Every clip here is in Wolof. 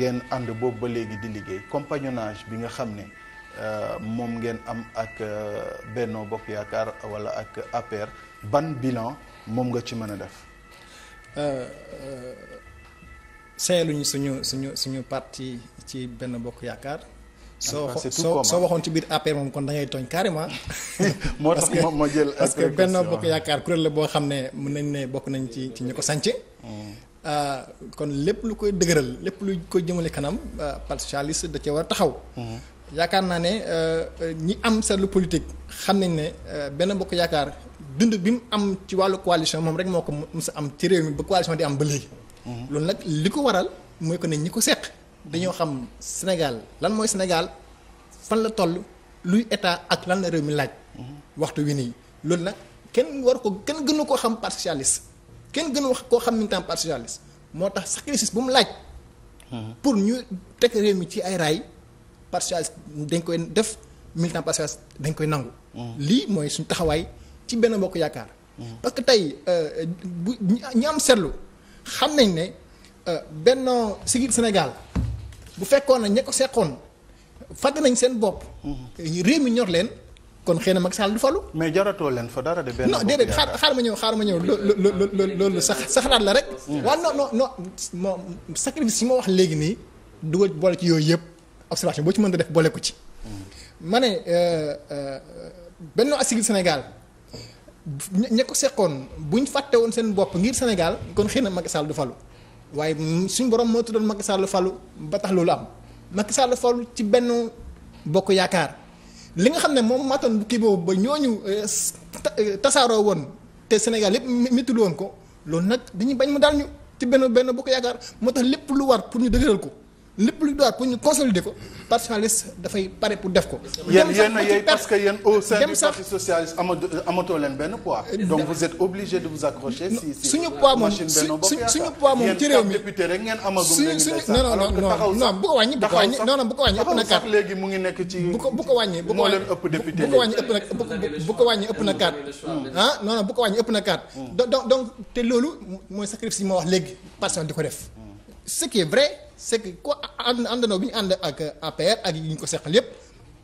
ngeen ànd boobu ba léegi di liggéey compagnonnage bi nga xam ne euh, moom ngeen am ak euh, Benno Bokk Yaakaar wala ak APR ban bilan moom nga ci mën a def. Euh, seeluñu suñu suñu suñu parti ci Benno Bokk Yaakaar. soo soo soo waxoon ci biir APR moom kon da ngay tooñ carrément. moo tax ma jël parce Benno Bokk Yaakaar kuréel la boo xam ne mun nañ ne bokk nañ ci ci ñu ko sànc hmm. Euh, kon lépp lu koy dëgëral lépp lu koy jëmale kanam euh, parti socialiste da cee war a taxaw. Mm-hmm. yaakaar naa ne euh, ñi am seetlu politique xam nañ ne benn bokk yaakaar dund bi mu am ci wàllu coalition moom rek moo ko mës a am ci réew mi ba coalition di am ba léegi. Mm-hmm. loolu nag li ko waral mooy ko ne ñi ko seq dañoo xam Sénégal lan mooy Sénégal fan la toll luy état ak lan la réew mi laaj. Mm-hmm. waxtu wi nii loolu nag kenn war ko kenn gënu koo xam parti socialiste. kenn gën wax koo xam militant parti socialiste moo tax sacrifice bu mu laaj. pour ñu teg réew mi ci ay raay parti dañ koy def militant parti socialiste dañ koy nangu. lii mooy suñ taxawaay ci benn mbokk yaakaar. parce que tey euh, bu am seetlu xam nañ ne euh, Benno Siggil Sénégal bu fekkoon na ña ko seqoon fàtte nañ seen bopp. Mm-hmm. réew mi ñor leen. kon xëy na Macky Sall du falu. mais jaratoo leen fa dara de benn. non déedéet xaar ñëw xaar ma ñëw loolu loolu sax saxaraat la rek. Mm. waaw non non non moom sacrifice yi ma wax léegi nii. dugal boole ci yooyu yëpp observation boo ci mën a def boole ko ci. Mm. ma ne euh, euh, Benno Siggil Sénégal ña seqoon bu fàtte woon seen bopp ngir Sénégal kon xëy na Macky Sall du falu waaye suñ borom moo tuddoon Macky Sall falu ba tax loolu am Macky Sall falu ci benn bokk yaakaar. li nga xam ne moom matoon kii boobu ba ñooñu euh, euh, tasaaroo woon te Sénégal yëpp métti woon ko loolu nag dañuy bañ mu daal ñu ci benn benn bu ko yaakaar moo tax lépp lu war pour ñu dëgëral ko lépp lu doon pour ñu consolider ko parti socialiste dafay pare pour def ko. yéen yéen que yéen au sein du benn poids. donc vous suñu poids moom suñu poids moom ci mi suñu suñu non non non bu ko wàññi bu ko wàññi bu ko wàññi ëpp na kaat léegi ngi nekk ci. bu ko bu ko wàññi bu ëpp na kaat. Mmh. Ah, mmh. donc donc te loolu mooy sacrifice yi wax léegi parti di ko def mmh. ce qui est vrai c'est que quoi ànd àndandoo bi ñu ànd ak APR ak yi ñu ko seqal yépp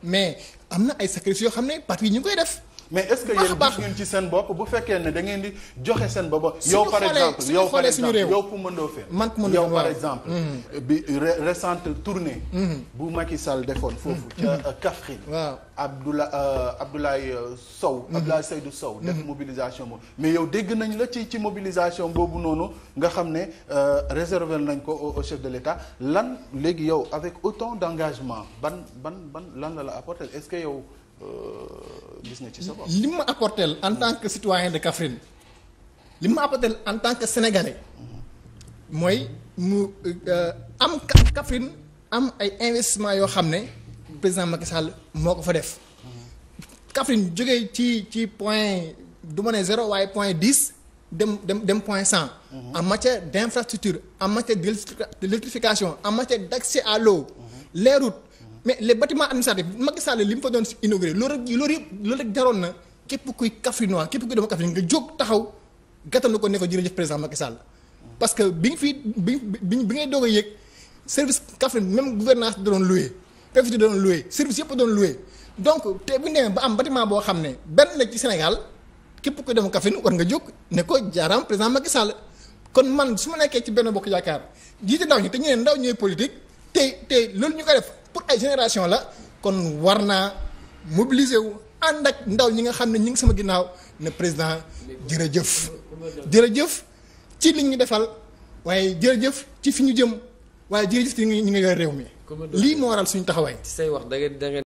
mais am na ay sacrifices yoo xam ne parti yi ñu ngi koy def mais est-ce que yéen gis ngeen ci seen bopp bu fekkee ne da ngeen di joxe seen bopp. yow par exemple yow par exemple yow fu mëndoo fee. man ku yow par mm-hmm. bi récente tournée. Mm-hmm. bu Macky Sall defoon foofu. Mm-hmm. ca euh, Kaffrine. waaw euh, Abdoulaye Abdoulaye euh, Sow. Abdoulaye Seydou Sow. def mobilisation boobu mais yow dégg nañ la ci ci mobilisation boobu noonu nga xam ne réservé nañ ko au chef de l'État lan léegi yow avec autant d'engagement ban ban ban lan la la apporter est-ce que yow. Euh, gis nga ci sa bopp li ma apporteel en tant que citoyen de Kaffrine li ma apporteel en tant que sénégalais mooy mu euh, am Kaffrine am ay investissement yoo xam ne président Macky Sall moo ko fa def Kaffrine jógee ci ci point du ma ne zéro waaye point dix dem dem dem point cent mhm. en matière d' infrastructure en matière de l'électrification en matière d' accès à mais les bâtiments administratifs Macky Sall li mu fa doon inauguré loolu rek jaroon na képp kuy Kaffrinois képp kuy dama Kaffrine nga jóg taxaw gàttandu ko ne ko jërëjëf président parce que bi nga fi bi bi bi ngay doog a yëg service Kaffrine même gouvernance da doon loué préfecture da doon loué service yëpp doon loué donc te bu ba am bâtiment boo xam ne benn la ci Sénégal képp kuy dama Kaffrine war nga jóg ne ko jaaraam président Macky Sall kon man su ma nekkee ci benn bokk yaakaar jiite ndaw ñi te ñu ndaw ñooy politique te te loolu ñu ko def. pour ay génération la kon war naa mobiliser wu ànd ak ndaw ñi nga xam ne ñi ngi sama ginnaaw ne président jërëjëf. jërëjëf ci li ñu defal waaye jërëjëf ci fi ñu jëm waaye jërëjëf ci ñu ngi ñu ngi réew mi. lii moo waral suñu taxawaay. say wax da